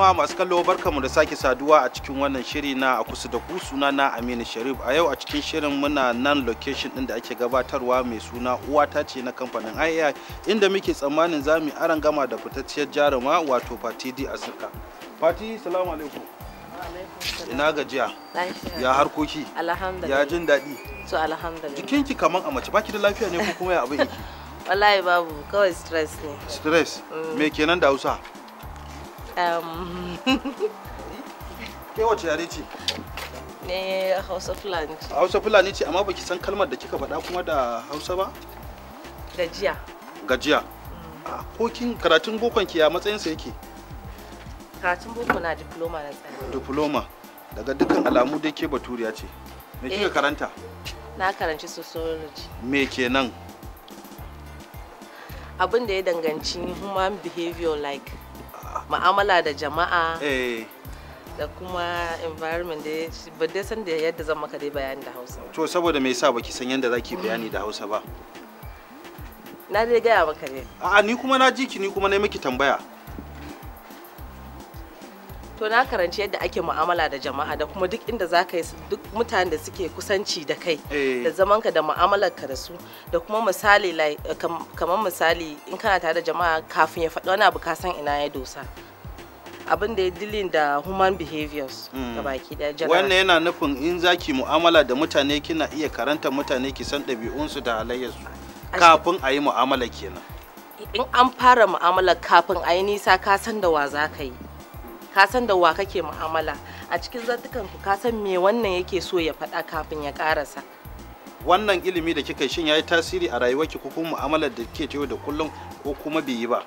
jama'a masu kallo barkamu da sake saduwa a cikin wannan shiri na a kusa da ku suna na Aminu Sharif a yau a cikin shirin muna nan location din da ake gabatarwa mai suna uwa ta ce na kamfanin AI inda muke tsammanin za mu aran gama da fitacciyar jaruma wato Fati Di Asirka Fati salamu alaikum ina gajiya ya harkoki ya jin daɗi to alhamdulillah jikinki kaman a mace baki da lafiya ne ko kuma ya abin yake wallahi babu kawai stress ne stress mm. me kenan da Hausa Ke wace yare ce? Ne Hausa Fulani ce. Hausa Fulani ce amma baki san kalmar da kika faɗa kuma da Hausa ba? Gajiya. Gajiya. Ko kin karatun bokon ki ya matsayinsa yake? Karatun boko na diploma na tsari. Diploma. Daga dukkan alamu dai ke baturiya ce. Me kika eh. karanta? Na karanci sociology. Me kenan? Abin da ya danganci human behavior like mu'amala da jama'a eh. da kuma environment da ba dai san da yadda zan maka dai bayani da hausa to saboda me yasa baki san yadda zaki bayani da hausa ba na dai gaya maka ne a'a ni kuma na ji ki ni kuma na miki tambaya to na karanci yadda ake mu'amala da jama'a da kuma duk inda za ka yi duk mutanen da suke kusanci da kai eh. da zaman ka da mu'amalar ka da su da kuma misali eh, kamar misali in kana tare da jama'a kafin ya faɗi wani abu ka san ina ya dosa abin da ya dilin da human behaviors hmm. ga baki jama'a wannan yana nufin in zaki mu'amala da mutane kina iya karanta mutane ki san ɗabi'unsu da halayyarsu kafin a yi mu'amala kenan in an fara mu'amala kafin a yi nisa ka san da wa za ka yi ka san da wa kake mu'amala a cikin zantukan ku ka san me wannan yake so ya faɗa kafin ya karasa wannan ilimi da kika shin yayi tasiri a rayuwarki ko kuma mu'amalar da kike yau da kullum ko kuma bai yi ba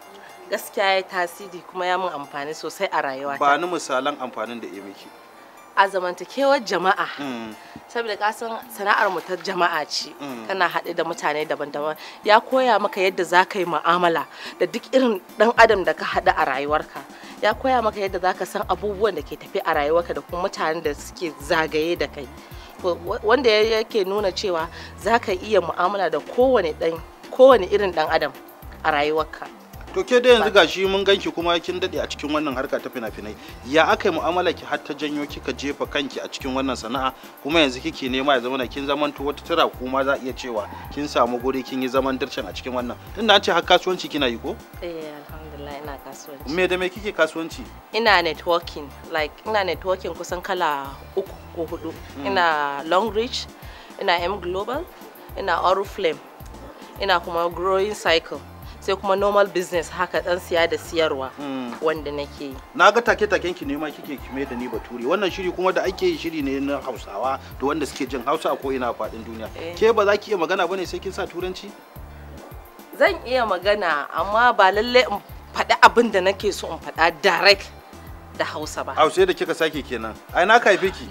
gaskiya ya tasiri kuma ya mun amfani sosai a rayuwa ba ni misalan amfanin da ya miki a zamantakewar jama'a mm. saboda kasan sana'ar mu ta jama'a ce kana mm. haɗe da mutane daban-daban ya koya maka yadda za ka yi mu'amala da duk irin ɗan adam da ka haɗu a rayuwarka ya koya maka yadda ka san abubuwan da ke tafi a rayuwarka da kuma mutanen da suke zagaye da kai wanda yake nuna cewa zaka iya mu'amala da kowane irin dan adam a rayuwarka to ke da yanzu gashi mun ganki kuma kin dade a cikin wannan harka ta fina-finai ya aka yi mu'amala ki har ta janyo kika jefa kanki a cikin wannan sana'a kuma yanzu kike nema ya zama na kin zaman to wata tara kuma za iya cewa kin samu guri kin yi zaman dircin a cikin wannan tun da an ce har kasuwanci kina yi ko eh alhamdulillah ina kasuwanci me da me kike kasuwanci ina networking like ina networking kusan kala uku ko hudu mm. ina long reach ina m global ina oriflame ina kuma growing cycle sai kuma normal business haka dan siya da siyarwa hmm. wanda nake yi na ga take taken ki nema kike kime da ni bature wannan shiri kuma da ake yi shiri ne na hausawa da wanda suke jin hausa ko ina fadin duniya eh. ke ba za ki iya magana bane sai kin sa turanci zan iya magana amma ba lalle in faɗi abin da nake so in faɗa direct da hausa ba hausa da kika sake kenan ai na kaife ki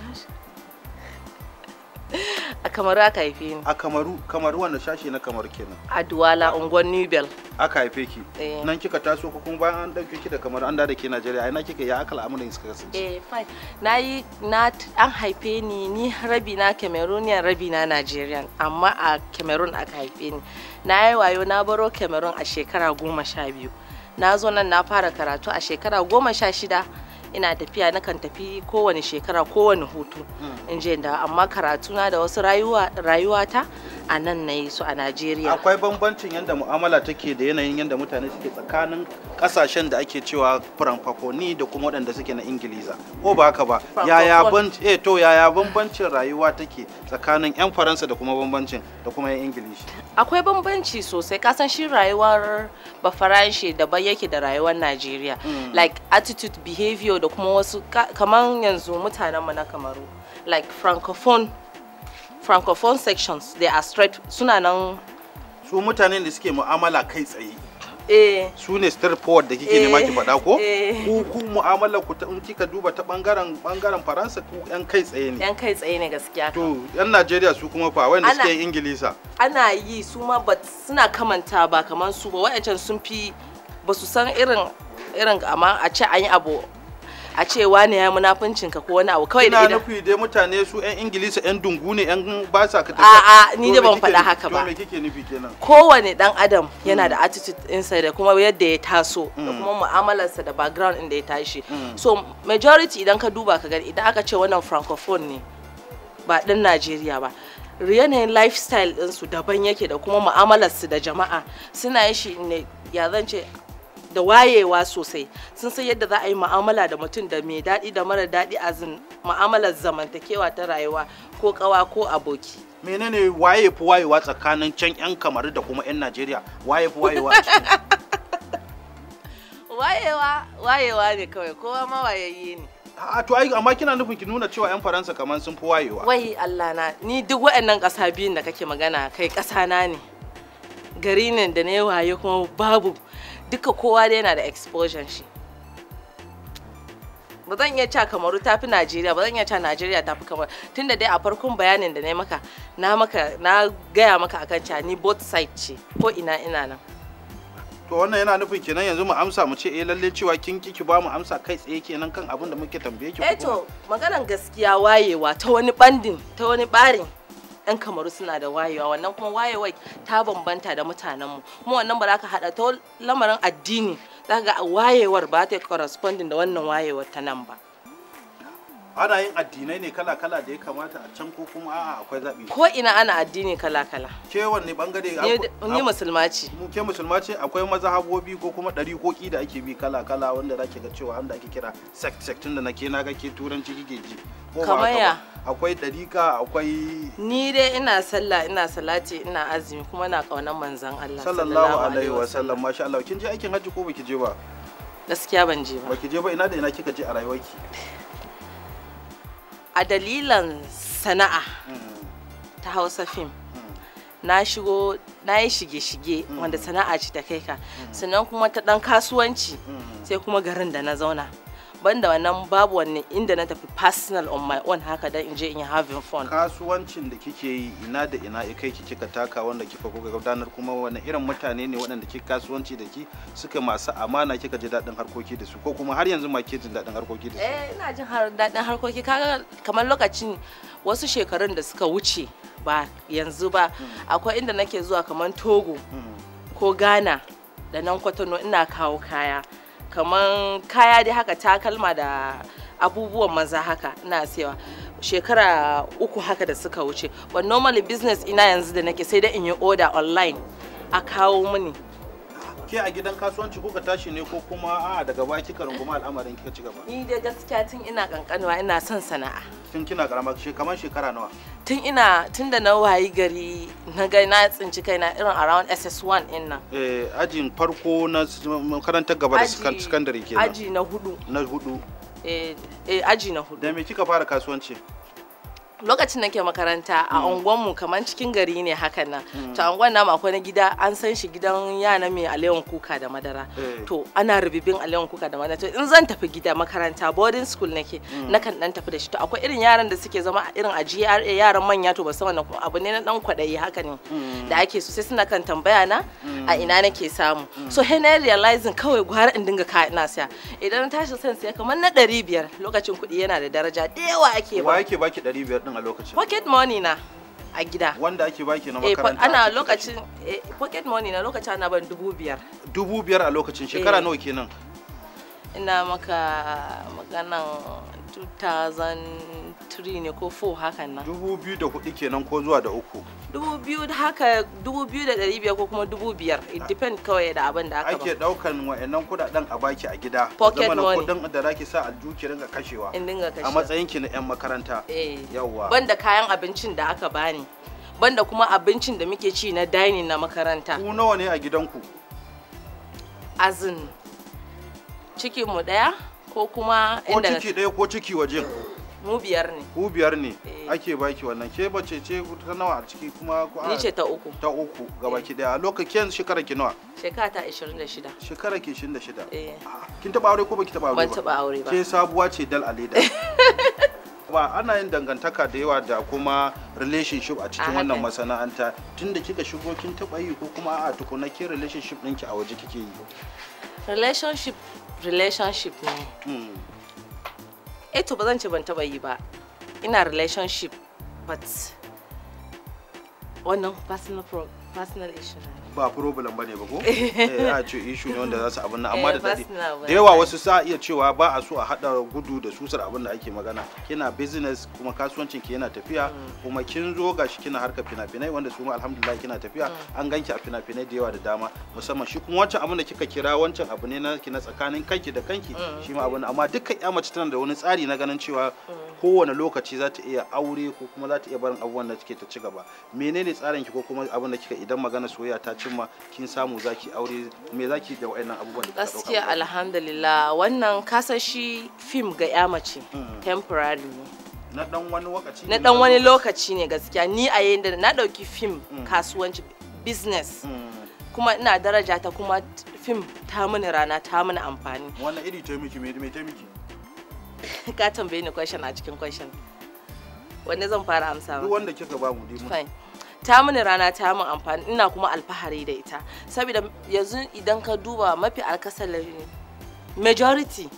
a kamaru aka haife ni a kamaru kamaru wanda shashi na kamaru kenan a duwala unguwar nubel aka haife ki eh. nan kika taso ko kuma bayan an dauke ki da kamaru an dada ke najeriya ina kika ya akala amurin suka kasance eh fine na yi na an haife ni ni rabi na cameroonian rabi na nigerian amma a cameroon aka haife ni na yi wayo na baro cameroon a shekara goma sha biyu na zo nan na fara karatu a shekara goma sha shida ina tafiya na kan tafi kowane shekara kowane hutu mm. in je da amma karatu na da wasu rayuwata a nan na yi su a Najeriya. Akwai bambancin yadda mu'amala take da yanayin yadda mutane suke tsakanin kasashen da ake cewa francophonie da kuma waɗanda suke na Ingiliza. Ko ba haka ba? Yaya eh to yaya bambancin rayuwa take tsakanin 'yan Faransa da kuma bambancin da kuma 'yan Ingilishi? Akwai bambanci sosai kasan shi rayuwar Bafaranshe daban yake da rayuwar Najeriya. Mm. Like attitude behavior da kuma wasu kamar yanzu mutanenmu na Kamaru. Like francophone francophone sections they are straight suna nan su mutanen da suke mu'amala kai tsaye eh su ne straightforward da kike nema ki eh. faɗa ko eh. ku ku mu'amala ku ta in kika duba ta bangaren bangaren faransa ku yan kai tsaye ne yan kai tsaye ne gaskiya to yan najeriya su kuma fa wanda suke yin ingilisa ana yi su ma ba suna kamanta ba kaman su ba wa'ancan sun fi ba su san irin irin amma a ce an yi abu a ce wani ya munafincin ka ko wani abu kawai da idan nufi dai mutane su yan ingilisa yan dungu ne yan ba sa ka a a ni da ban faɗa haka ba me kike nufi kenan kowane dan adam yana mm. da attitude insa da kuma yadda ya taso da mm. kuma mu'amalarsa da background inda ya tashi mm. so majority idan ka duba ka gani idan aka ce wannan francophone ne ba dan Najeriya ba yanayin lifestyle ɗinsu daban yake da kuma mu'amalarsu da jama'a suna yin shi ne ya zan ce da wayewa sosai sun san yadda za a yi mu'amala da mutum da mai daɗi da mara daɗi a mu'amalar zamantakewa ta rayuwa ko kawa ko aboki menene waye fi wayewa tsakanin can 'yan kamaru da kuma 'yan najeriya waye fi wayewa wayewa wayewa ne kawai kowa ma wayayye ne a to ai amma kina nufin ki nuna cewa 'yan faransa kamar sun fi wayewa wai allah na ni duk waɗannan ƙasa biyun da kake magana kai ƙasa na ne gari ne da na waye kuma babu duka kowa da yana da exposure shi ba zan iya cewa kamaru ta fi najeriya ba zan iya cewa najeriya ta fi kamaru tunda dai a farkon bayanin da na maka na maka na gaya maka akan cewa ni both side ce ko ina ina nan to wannan yana nufin kenan yanzu mu amsa mu ce eh lalle cewa kin kiki ba mu amsa kai tsaye kenan kan abin da muke tambaye ki eh to maganan gaskiya wayewa ta wani bandin ta wani barin 'yan kamaru suna da wayewa wannan kuma wayewar ta bambanta da mutanenmu kuma wannan ba za ka haɗa ta lamarin addini za ka ga wayewar ba ta corresponding da wannan wayewar ta nan ba ana yin addinai ne kala-kala da ya kamata a can ko kuma a'a akwai zaɓi ko ina ana addini kala-kala ke wanne bangare ni musulma ce ke musulma ce akwai mazhabobi ko kuma ɗari ko da ake bi kala-kala wanda zaki ga cewa wanda ake kira sect sect da nake na ga ke turanci kike ji kamar ya akwai ɗarika akwai ni dai ina sallah ina salati ina azumi kuma na kaunar manzon Allah sallallahu alaihi wa sallam masha Allah kin je aikin hajji ko baki je ba gaskiya ban je ba baki je ba ina da ina kika je a rayuwarki a dalilan sana'a ta hausa fim na shigo na yi shige-shige wanda sana'a ce ta kai ka sannan kuma ta dan kasuwanci sai kuma garin da na zauna banda wannan babu wani inda na tafi personal on my own haka dan in je in having fun kasuwancin da kike yi ina da ina kai ki kika taka wanda kika kuka gudanar kuma wani irin mutane ne waɗanda kika kasuwanci da ki suka masu amana kika ji daɗin harkoki da su ko kuma har yanzu ma ke jin daɗin harkoki da su eh ina jin daɗin harkoki kaga kamar lokacin wasu shekarun da suka wuce ba yanzu ba hmm. akwai inda nake zuwa kamar togo hmm. ko ghana da nan kwatano ina kawo kaya kamar kaya dai haka takalma da abubuwan maza haka na cewa shekara uku haka da suka wuce but normally business ina yanzu da nake sai da in yi order online a kawo mini ke a gidan kasuwanci kuka tashi ne ko kuma a daga baya kika runguma al'amarin kika ci gaba ni da gaskiya tun ina kankanuwa ina son sana'a tun kina karama kaman shekara nawa tun ina tun da na wayi gari na ga na tsinci kaina irin around SS1 din nan eh ajin farko na makarantar gaba da secondary kenan aji na hudu na hudu eh, eh aji na hudu da me kika fara kasuwanci lokacin nake makaranta a mm. unguwanmu kamar cikin gari ne hakan nan mm. to unguwan namu akwai na gida an san shi gidan yana mai alewan kuka da madara eh. to ana rubibin alewan kuka da madara to in zan tafi gida makaranta boarding school nake mm. nakan dan tafi da shi to akwai irin yaran da suke zama irin a GRA yaran manya to ba san wannan abu ne na dan kwadayi haka ne da ake so sai suna kan tambaya na a ina nake samu so he na realizing kawai gwara in dinga ka ina siya. idan tashi san sai kamar na 500 lokacin kuɗi yana da daraja da yawa ake ba wa yake baki 500 din din a lokacin pocket money na a gida wanda ake baki na eh, makaranta ana lokacin eh, pocket money na lokacin ana ban dubu biyar dubu biyar a lokacin shekara eh. nawa kenan ina maka maganan 2003 ne ko 4 hakan nan 2004 kenan ko zuwa da uku 2000 haka 2500 ko kuma 5000 it depend kawai da abin da aka ba ake daukan wayannan kudaden a baki a gida pocket money kudin da zaki sa aljuki ringa kashewa in dinga kashewa a matsayin ki na yan makaranta eh yawa banda kayan abincin da aka bani banda kuma abincin da muke ci na dining na makaranta ku nawa ne a gidanku azin cikin mu daya ko kuma ko ciki ɗaya ko ciki waje mu biyar ne ku biyar ne eh. ake baki wannan ke bace ce ta nawa a ciki kuma ku ni ce ta uku ta uku gaba ki daya eh. lokacin shekara ki nawa shekara ta 26 shekara ki 26 eh ah, kin taba aure ko baki taba aure ba ban taba aure ba ke sabuwa ce dal alida ba ana yin dangantaka da yawa da kuma relationship a cikin wannan masana'anta tunda kika shigo kin taba yi ko kuma a tukuna ke relationship ɗinki a waje kike yi relationship relationship ne eh to ba zan ce ban taba yi ba ina relationship but wannan personal personal issue ba problem bane ba ko eh a ce issue ne wanda za su abin nan amma eh, da dadi da yawa wasu sa iya cewa ba a so a hada gudu da susar abin da ake magana kina business kuma kasuwancin ki yana tafiya mm. kuma kin zo gashi kina harka fina-finai wanda su ma alhamdulillah kina tafiya mm. an ganki a fina-finai da yawa da dama musamman shi kuma wancan abin da kika kira wancan abu ne na tsakanin kanki da kanki mm. shi ma abin amma dukkan ya mace tana da wani tsari na ganin cewa kowane lokaci za ta iya aure ko kuma za ta iya barin abubuwan da take ta ci gaba menene tsarin ki ko kuma abin da kika idan magana soyayya ta cimma kin samu zaki aure me zaki da wayannan abubuwan da gaskiya alhamdulillah wannan kasashi shi film ga ya mace temporary ne na dan wani lokaci na dan wani lokaci ne gaskiya ni a yayin da na dauki film mm. kasuwanci business mm. kuma ina daraja ta kuma film ta mini rana ta mini amfani wannan iri ta miki me ta miki ka tambaye ni question a cikin question wanne zan fara amsa duk wanda kika ba mu ta mini rana ta min amfani ina kuma alfahari da ita saboda yanzu idan ka duba mafi alkasari majority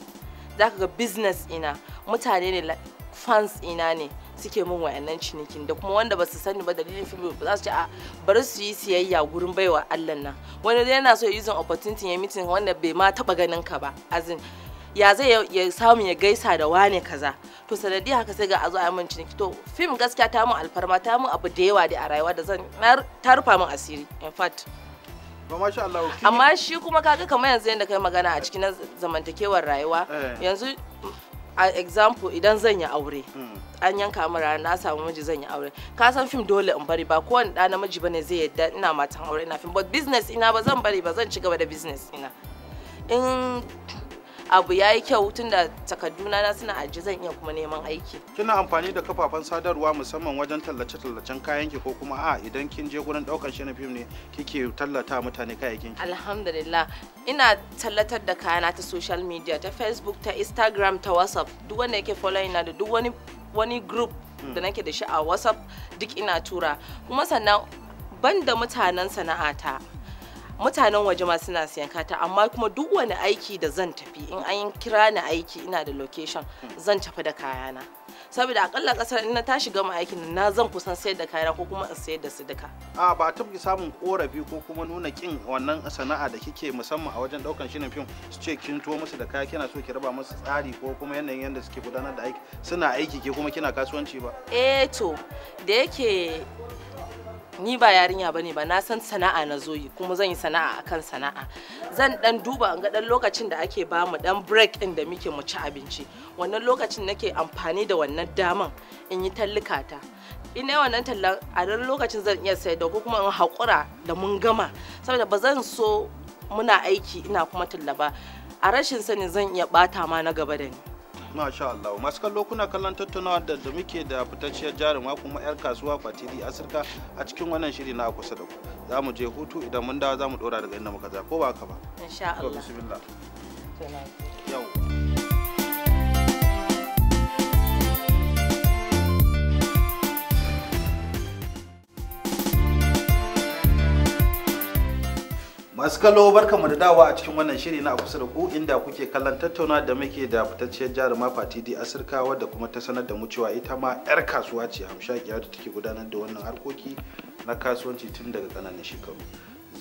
za ga business ina mutane ne fans ina ne suke min wayannan cinikin da kuma wanda ba su sani ba dalilin fili ba za su ce a bari su yi siyayya gurin baiwa Allah nan wani yana so using opportunity ya meeting wanda bai ma taba ganin ka ba azin ya zai ya samu ya gaisa da wane kaza to sanadi haka sai ga a zo a min ciniki to fim gaskiya ta mun alfarma ta mun abu da yawa da a rayuwa da zan ta rufa min asiri in fact amma shi kuma kaga kamar yanzu yadda kai magana a cikin zamantakewar rayuwa eh. yanzu a example idan zan yi aure hmm. an yanka min rana na samu miji zan yi aure ka san fim dole in bari ba kowane da namiji bane zai yadda ina matan aure ina fim but business ina ba zan bari ba zan ci gaba da business ina in abu ya yi kyau tun da takarduna na suna aji zan iya kuma neman aiki kina amfani da kafafen sadarwa musamman wajen tallace tallacen kayan ki ko kuma a idan kin je gurin daukar shi na fim ne kike tallata mutane kayayyakin ki alhamdulillah ina tallatar da kayana ta social media ta facebook ta instagram ta whatsapp duk wanda yake following na da duk wani wani group da nake da shi a whatsapp duk ina tura kuma sannan banda da mutanen sana'ata mutanen waje ma suna siyan kata amma kuma duk wani aiki da zan tafi in an kira ni aiki ina da location zan tafi da kayana saboda akalla kasar in na tashi gama aikin na zan kusan sayar da kayana ko kuma in sayar da su duka a ba taɓa samun korafi ko kuma nuna kin wannan sana'a da kike musamman a wajen daukan shirin fim su ce kin tuwo musu da kaya kina so ki raba musu tsari ko kuma yanayin yadda suke gudanar da aiki suna aiki ke kuma kina kasuwanci ba eh to da yake ni ba yarinya bane ba na san sana'a na zo yi kuma zan yi sana'a akan sana'a zan dan duba ga dan lokacin da ake ba mu dan break din da muke mu ci abinci wannan lokacin nake amfani da wannan daman in yi tallukata in yi wannan tallan a dan lokacin zan iya sayar da ko kuma in haƙura da mun gama saboda ba zan so muna aiki ina kuma tallaba a rashin sani zan iya bata ma na gaba da ni Masha Allah. Masu kallo kuna kallon tattaunawa da da muke da fitacciyar jaruma kuma 'yar kasuwa Fatidi Asirka a cikin wannan shiri na kusa da ku. Za mu je hutu idan mun dawo za mu dora daga inda muka za ko ba haka ba. Insha Allah. To bismillah. masu barka mu da dawa a cikin wannan shiri na kusa da ku inda kuke kallon tattauna da muke da fitacciyar jaruma fatidi asirka wadda kuma ta sanar da mu cewa ita ma 'yar kasuwa ce Hamshaki da take gudanar da wannan harkoki na kasuwanci tun daga ƙananan shekaru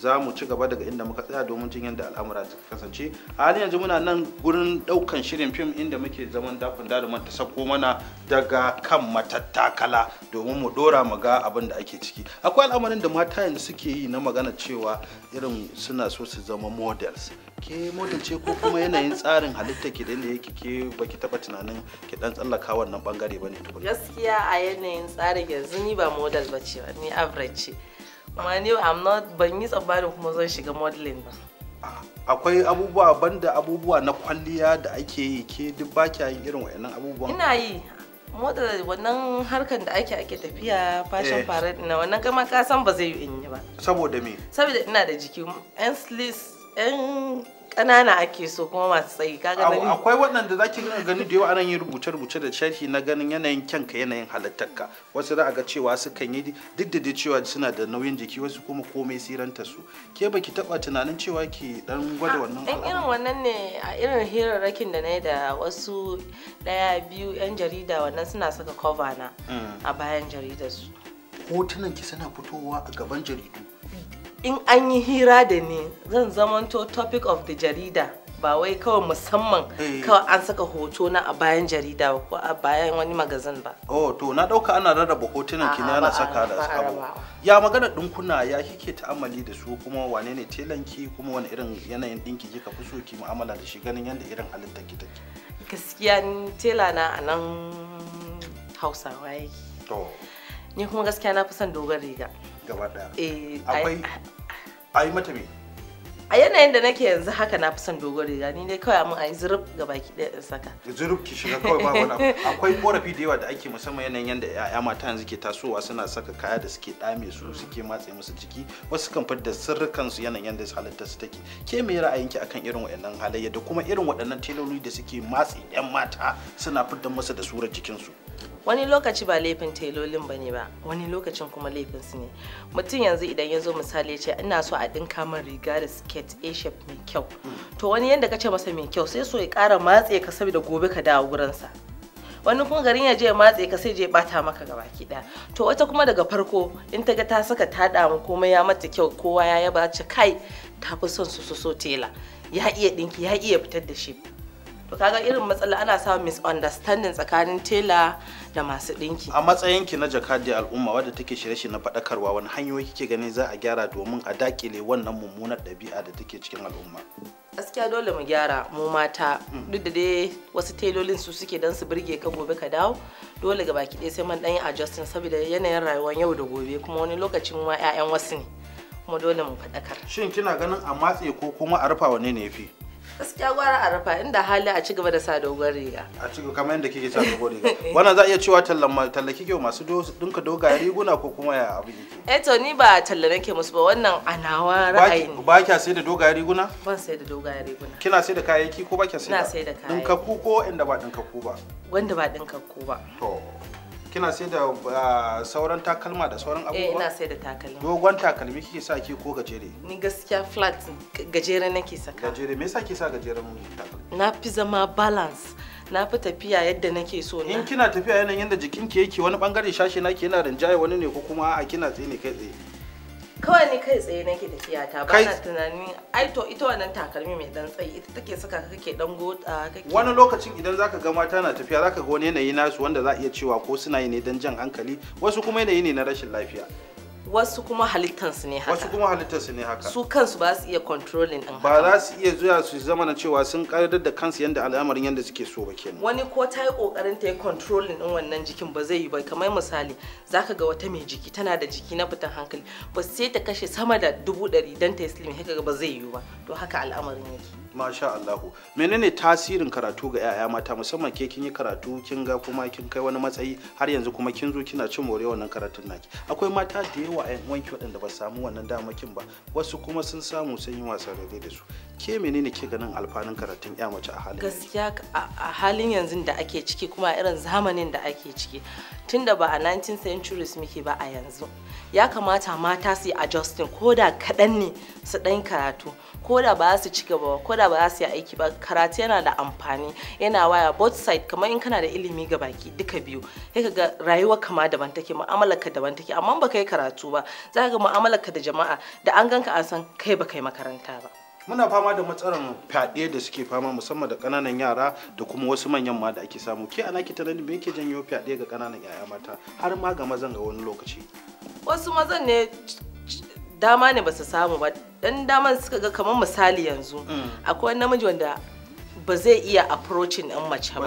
za mu ci gaba daga inda muka tsaya domin jin yadda al'amura ta kasance a halin yanzu muna nan gurin daukan shirin fim inda muke zaman dakon daluman ta sako mana daga kan matattakala domin mu dora mu ga abin da ake ciki akwai al'amarin da mata yanzu suke yi na magana cewa irin suna so su zama models ke model ce ko kuma yanayin tsarin halitta ke da yake ke baki taba tunanin ke dan tsallaka wannan bangare bane tukuna gaskiya a yanayin tsarin yanzu ni ba model ce ni average ce ma ni am not ban yi tsammanin kuma zan shiga modeling ba akwai abubuwa banda abubuwa na kwalliya da ake yi ke duk ba kya yin irin wayannan abubuwan ina yi moda wannan harkan da ake ake tafiya fashion eh. parade na wannan kama ka san ba zai yi in yi ba saboda me saboda ina da jiki yan sleeves yan kanana ake so kuma masu tsayi kaga akwai waɗanda zaki gani da yawa anan yin rubuce-rubuce da sharhi na ganin yanayin kyanka yanayin halittarka wasu za a ga cewa sukan yi duk da dai cewa suna da nauyin jiki wasu kuma komai siranta su ke baki taba tunanin cewa ki dan gwada ah, wannan dan irin wannan ne a irin hirarrakin da nayi da wasu daya biyu yan jarida wannan suna saka cover na mm. a bayan jaridar su hotunan ki suna fitowa a gaban jaridu in an yi hira da ni zan zamanto topic of the jarida ba wai kawai musamman eh. kawai an saka hoto na a bayan jarida ko a bayan wani magazin ba oh to na dauka ana rarraba hotunan ki ne ana saka da abu ya magana dinkuna ya kike amali da su kuma wane ne telanki kuma wani irin yanayin dinki kika fi so ki mu'amala da shi ganin yanda irin halin ki take gaskiya ni tela na a nan hausawa yake to ni kuma gaskiya na fi son dogon riga gaba daya eh, akwai ah, ah. ai mata me a yanayin da nake yanzu haka na son dogon riga ni ne kawai mun ayi zurub gaba baki in saka zurub ki shiga kawai ba wani akwai korafi da yawa da ake musamman yanayin yanda ya'ya mata yanzu ke tasowa suna saka kaya da suke dame su mm. suke matse musu jiki wasu kan fitar sirrukan su yanayin yanda halitta su take ke me ra'ayinki akan irin waɗannan halayya da kuma irin waɗannan teloli da suke matse yan mata suna fitar musu da surar jikin su wani lokaci ba laifin telolin ba ne ba wani lokacin kuma laifin su ne mutum yanzu idan ya zo misali ya ce ina so a ɗinka min riga da skirt a shape mai kyau mm. to wani yanda ka ce masa mai kyau sai so ya kara matse ka saboda gobe ka dawo gurinsa wani kuma garin ya je ya matse ka sai je bata maka gaba ki to wata kuma daga farko in ta ga ta saka ta damu komai ya mata kyau kowa ya yaba ce kai ta fi son su so tela ya iya ɗinki ya iya fitar da shi to kaga irin matsala ana samun misunderstanding tsakanin tela da masu ɗinki. a matsayin ki na jakadi al'umma wadda take shirye-shirye na faɗakarwa wani hanyoyi kike ganin za a gyara domin a dakile wannan mummunar ɗabi'a da take cikin al'umma gaskiya dole mu gyara mu mata mm. duk da dai wasu telolin su suke dan su birge ka gobe ka dawo dole ga baki sai man dan yi adjusting saboda yanayin rayuwar yau da gobe kuma wani lokacin ma 'ya'yan wasu ne kuma dole mu faɗakar shin kina ganin a matse ko kuma a rufa wane ne ya fi gaskiya gwara a rafa inda hali a cigaba da sa riga a cigaba kamar yadda kike sa dogon riga wannan za a iya cewa tallan tallaki kyau masu dinka dogayen riguna ko kuma ya abu yake eh to ni ba talla nake musu ba wannan a nawa ra'ayi ne ba kya sai da dogayen riguna ban sai da dogayen riguna kina sai da kayayyaki ko ba kya sai da da dinka ku ko inda ba dinka ku ba wanda ba dinka ku ba to kina sai da ah, sauran takalma da sauran eh, abubuwa? Eh ina sai da takalma. Dogon takalmi kike sa ki ko gajere? Ni gaskiya flat gajere nake saka. Gajere me yasa ke sa gajeren takalmi? Na fi zama balance. na fi tafiya yadda nake so na. In kina tafiya yanayin yadda jikinki yake wani bangare shashi naki yana rinjaye wani ne ko kuma a kina tsaye ne kai tsaye. kawai ne kai tsaye nake tafiya ta ba na tunanin ai to ita wannan takalmi mai dan tsayi ita take saka ka kake dan gota kake wani lokacin idan zaka ga mata na tafiya zaka ga wani yanayi nasu wanda za a iya cewa ko suna yi ne dan jan hankali wasu kuma yanayi ne na rashin lafiya wasu kuma halittansu ne haka wasu kuma halittansu ne haka su kansu ba su iya controlling din ba za su iya zuwa su zama na cewa sun karar da kansu yanda al'amarin yanda suke so ba kenan wani ko ta yi kokarin ta yi controlling din wannan jikin ba zai yi ba kamar misali zaka ga wata mai jiki tana da jiki na fitan hankali ba sai ta kashe sama da dubu ɗari dan ta yi slim haka ba zai yi ba to haka al'amarin yake masha Allahu menene tasirin karatu ga yaya mata musamman ke kin yi karatu kin ga kuma kin kai wani matsayi har yanzu kuma kin zo kina cin more wannan karatun naki akwai mata da yawa wa 'yan wanki waɗanda ba samu wannan damakin ba wasu kuma sun samu sun yi wasa da su ke menene ke ganin alfanun karatun ya mace a halin gaskiya a halin yanzu da ake ciki kuma irin zamanin da ake ciki tunda ba a 19th century muke ba a yanzu ya kamata mata su yi adjusting ko da kaɗan ne su ɗan karatu ko da ba su ci gaba ko da ba za su yi aiki ba karatu yana da amfani yana waya both side kamar in kana da ilimi ga baki duka biyu sai ka ga rayuwar kama daban take mu'amalar ka daban take amma ba kai karatu ba za ka ga mu'amalar ka da jama'a da an ganka an san kai ba kai makaranta ba muna fama da matsalar fyaɗe da suke fama musamman da ƙananan yara da kuma wasu manyan ma da ake samu ke ana ki tunanin me yake janyo fyaɗe ga ƙananan yaya mata har ma ga mazan ga wani lokaci wasu mazan ne dama ne ba su samu ba dan daman suka ga kamar misali yanzu mm. akwai namiji wanda ba zai iya approaching ɗin mace ba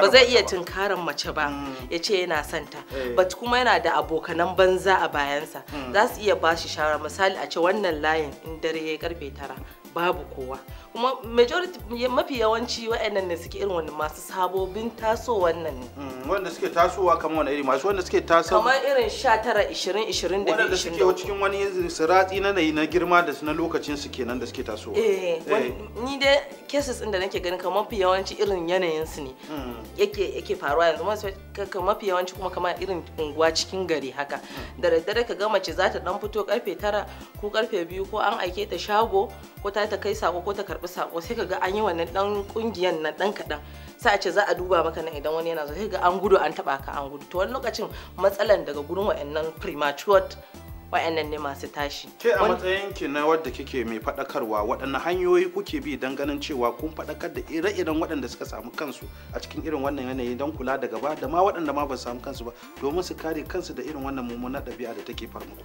ba zai iya tunkaran mace ba mm. ya ce yana santa eh. but kuma yana da abokanan banza a bayansa mm. za su iya ba shi shawara misali a ce wannan layin in dare ya karfe tara babu kowa kuma majority mafi yawanci waɗannan ne suke irin wannan masu sabobin taso wannan ne hmm, wanda suke tasowa kamar wani iri masu wanda suke taso kamar irin 19 20 22 wanda suke cikin wani siratsi na na girma da na lokacin su kenan da suke tasowa eh, eh. ni da cases din da nake ganin kamar mafi yawanci irin yanayin su ne hmm. yake yake faruwa yanzu kamar mafi yawanci kuma kamar irin unguwa cikin gari haka hmm. da daddare ka ga mace za ta dan fito karfe 9 ko karfe 2 ko an aike ta shago ko ta ta kai sako ko ta karbi karbi sako sai kaga an yi wannan dan kungiyan na dan kadan sai a ce za a duba maka nan idan wani yana zo sai ga an gudu an taba ka an gudu to wani lokacin matsalan daga gurin wa'annan premature wa'annan ne masu tashi. Ke a matsayin ki na wadda kike mai faɗakarwa waɗanne hanyoyi kuke bi don ganin cewa kun faɗakar da ire-iren waɗanda suka samu kansu a cikin irin wannan yanayi don kula da gaba da ma waɗanda ma ba samu kansu ba domin su kare kansu da irin wannan mummunar dabi'a da take farmako.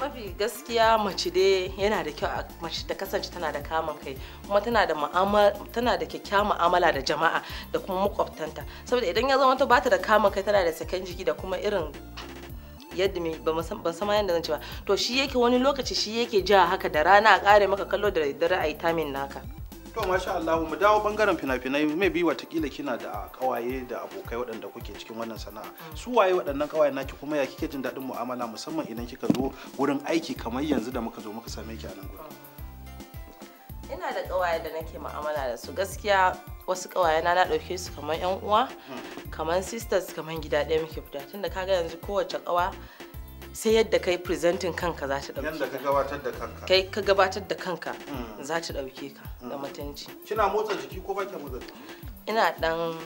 mafi gaskiya mace dai yana da kyau mace ta kasance tana da kamun kai kuma tana da tana ma'amala da jama'a da kuma makwabtanta saboda idan ya zama ta bata da kamun kai tana da sakan jiki da kuma irin yadda me ban san yadda zan ce ba to shi yake wani lokaci shi yake ja haka da rana a kare maka kallo da daddare a yi tamin naka To masha Allah mu dawo bangaren fina-finai mai bi watakila kina da kawaye da abokai waɗanda kuke cikin wannan sana'a. Mm. Su waye waɗannan kawaye naki kuma ya kike jin daɗin mu'amala musamman idan kika zo wurin aiki kamar yanzu da muka zo muka same ki a nan gurin. Mm. Ina da kawaye da nake mu'amala da su gaskiya wasu kawaye na na ɗauke su kamar 'yan uwa, mm. kamar sisters, kamar gida ɗaya muke fita tunda kaga yanzu kowace kawa sai yadda kai presentin kanka za ta dauke yadda ka gabatar da kanka kai ka gabatar da kanka mm. za ta dauke ka mm. da mutunci kina motsa jiki ko baki motsa jiki ina dan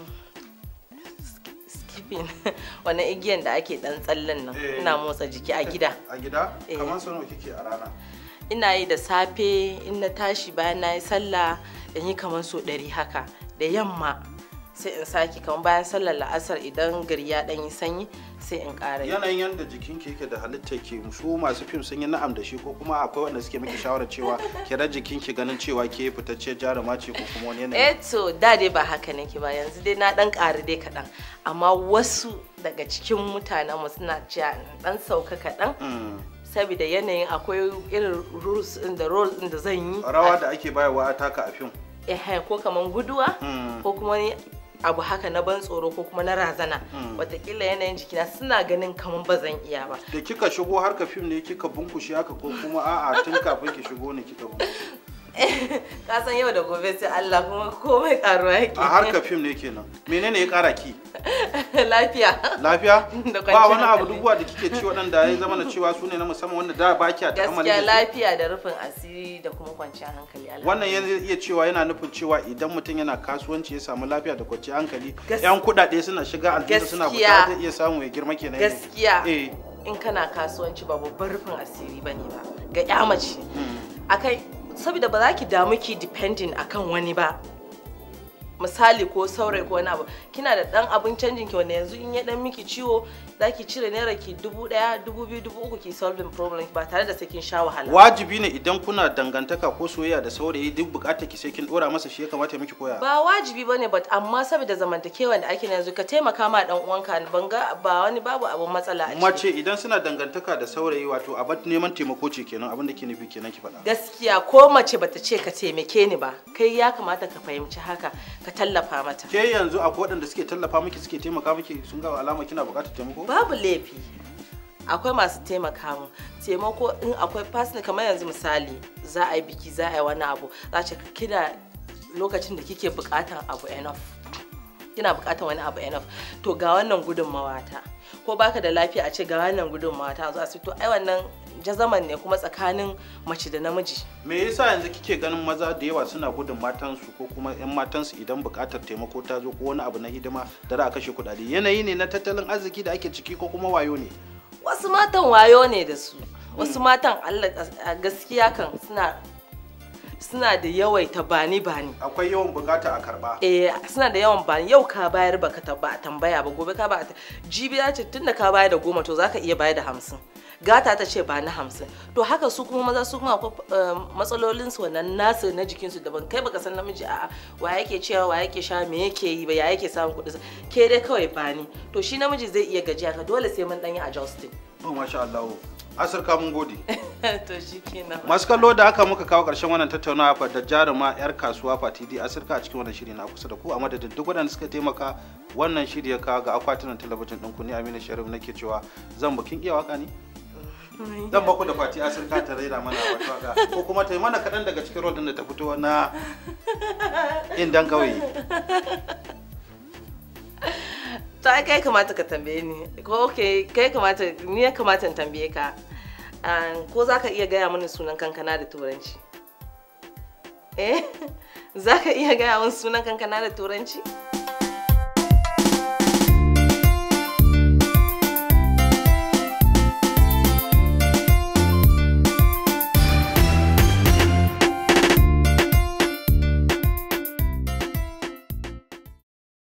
skipping wani igiyan da ake dan tsallan nan eh. ina motsa jiki a gida a gida eh. kamar sau kike a rana ina yi da safe in na tashi bayan na yi sallah in yi kamar so ɗari haka da yamma sai in sake kamar bayan sallar la'asar idan gari ya dan yi sanyi sai in ƙara yanayin yadda jikin ke yake da halitta ke su masu fim sun yi na'am da shi ko kuma akwai wanda suke miki shawara cewa kira jikin ki ganin cewa ke fitacce jaruma ce ko kuma wani yanayi eh to da dai ba haka nake ba yanzu dai na dan ƙari dai kaɗan amma wasu daga cikin mutanenmu mu suna cewa dan sauka kaɗan mm. saboda yanayin akwai irin rules in da role in da zan yi rawa da ake bayarwa a taka a fim eh ko kaman guduwa mm. ko kuma abu haka na ban tsoro ko kuma na razana hmm. watakila yanayin jikina suna ganin kamar bazan iya ba da kika shigo harka fim ne kika bunkushe haka ko kuma a'a tun kafin ki shigo ne kika bunkushe Kasan yau da gobe sai Allah kuma komai karuwa yake a harka fim ne kenan menene ya kara ki lafiya lafiya ba wani abu dubuwa da kike ci waɗanda ya zama na cewa su ne na musamman wanda da ba kiya ta amalin gaskiya lafiya da rufin asiri da kuma kwanciyar hankali wannan yanzu iya cewa yana nufin cewa idan mutum yana kasuwanci ya samu lafiya da kwanciyar hankali yan kuɗaɗe suna shiga aljihu suna fita zai iya samu ya girma kenan gaskiya eh. in kana kasuwanci ba babban rufin asiri bane ba ga ya mace hmm. akai saboda ba za ki damu ki depending akan wani ba misali ko saurayi ko wani abu kina da dan abun canjin ki wanda yanzu in ya dan miki ciwo za ki cire naira ki dubu daya dubu biyu dubu uku ki solving problem ba tare da sakin sha wahala wajibi ne idan kuna dangantaka ko soyayya da saurayi duk bukata ki sai kin dora masa shi ya kamata miki koya ba wajibi bane but amma saboda zamantakewan da ake na yanzu ka taimaka ma dan uwanka ban ba wani babu abun matsala a mace idan suna dangantaka da saurayi wato a neman taimako ce kenan abinda ke nufi kenan ki faɗa gaskiya ko mace bata ce ka taimake ni ba kai ya kamata ka fahimci haka ka tallafa mata ke yanzu akwai waɗanda suke tallafa miki suke taimaka miki sun ga alama kina bukatar taimako babu laifi akwai masu taimaka mu taimako in akwai fasina kamar yanzu misali za a yi biki za a yi wani abu za kina lokacin da kike bukatan abu enough kina bukatan wani abu enough to ga wannan gudunmawa ta ko baka da lafiya a ce ga wannan gudunmawa ta zo asibiti ai wannan jazaman ne kuma tsakanin mace da namiji me yasa yanzu kike ganin maza da yawa suna gudun matan su ko kuma yan su idan bukatar taimako ta zo ko wani abu na hidima da za a kashe kudade yanayi ne na tattalin arziki da ake ciki ko kuma wayo ne wasu matan wayo ne da su hmm. wasu matan allah gaskiya kan suna suna da yawaita bani bani akwai yawan bukata a karba eh suna da yawan bani yau ka bayar baka tambaya ba gobe ka ba jibi ya ce tunda ka bayar da goma to zaka iya bayar da hamsin gata ta ce ba hamsin to haka su kuma maza su kuma eh, matsalolin su wannan nasu na jikin su daban kai baka san namiji a'a wa yake cewa wa yake sha me yake yi ba ya yake samun kuɗi ke dai kawai bani to shi namiji zai iya gajiya ka dole sai mun dan yi adjusting oh, masha Allah asirka mun gode to shikenan masu kallo da aka muka kawo karshen wannan tattaunawa fa da jaruma yar kasuwa fatidi asirka a cikin wannan shiri na kusa da ku a madadin duk waɗanda suka taimaka wannan shiri ya kawo ga akwatunan talabijin ɗinku ni aminu sharif nake cewa zan bakin iya waka ne zan baku da fati asirka ta raira mana wato ga ko kuma ta yi mana kaɗan daga cikin rodin da ta fito na indan kawai to ai kai kamata ka tambaye ni ko ke kai kamata ni ya kamata in tambaye ka ko za ka iya gaya mini sunan kankana da turanci eh za ka iya gaya min sunan kankana da turanci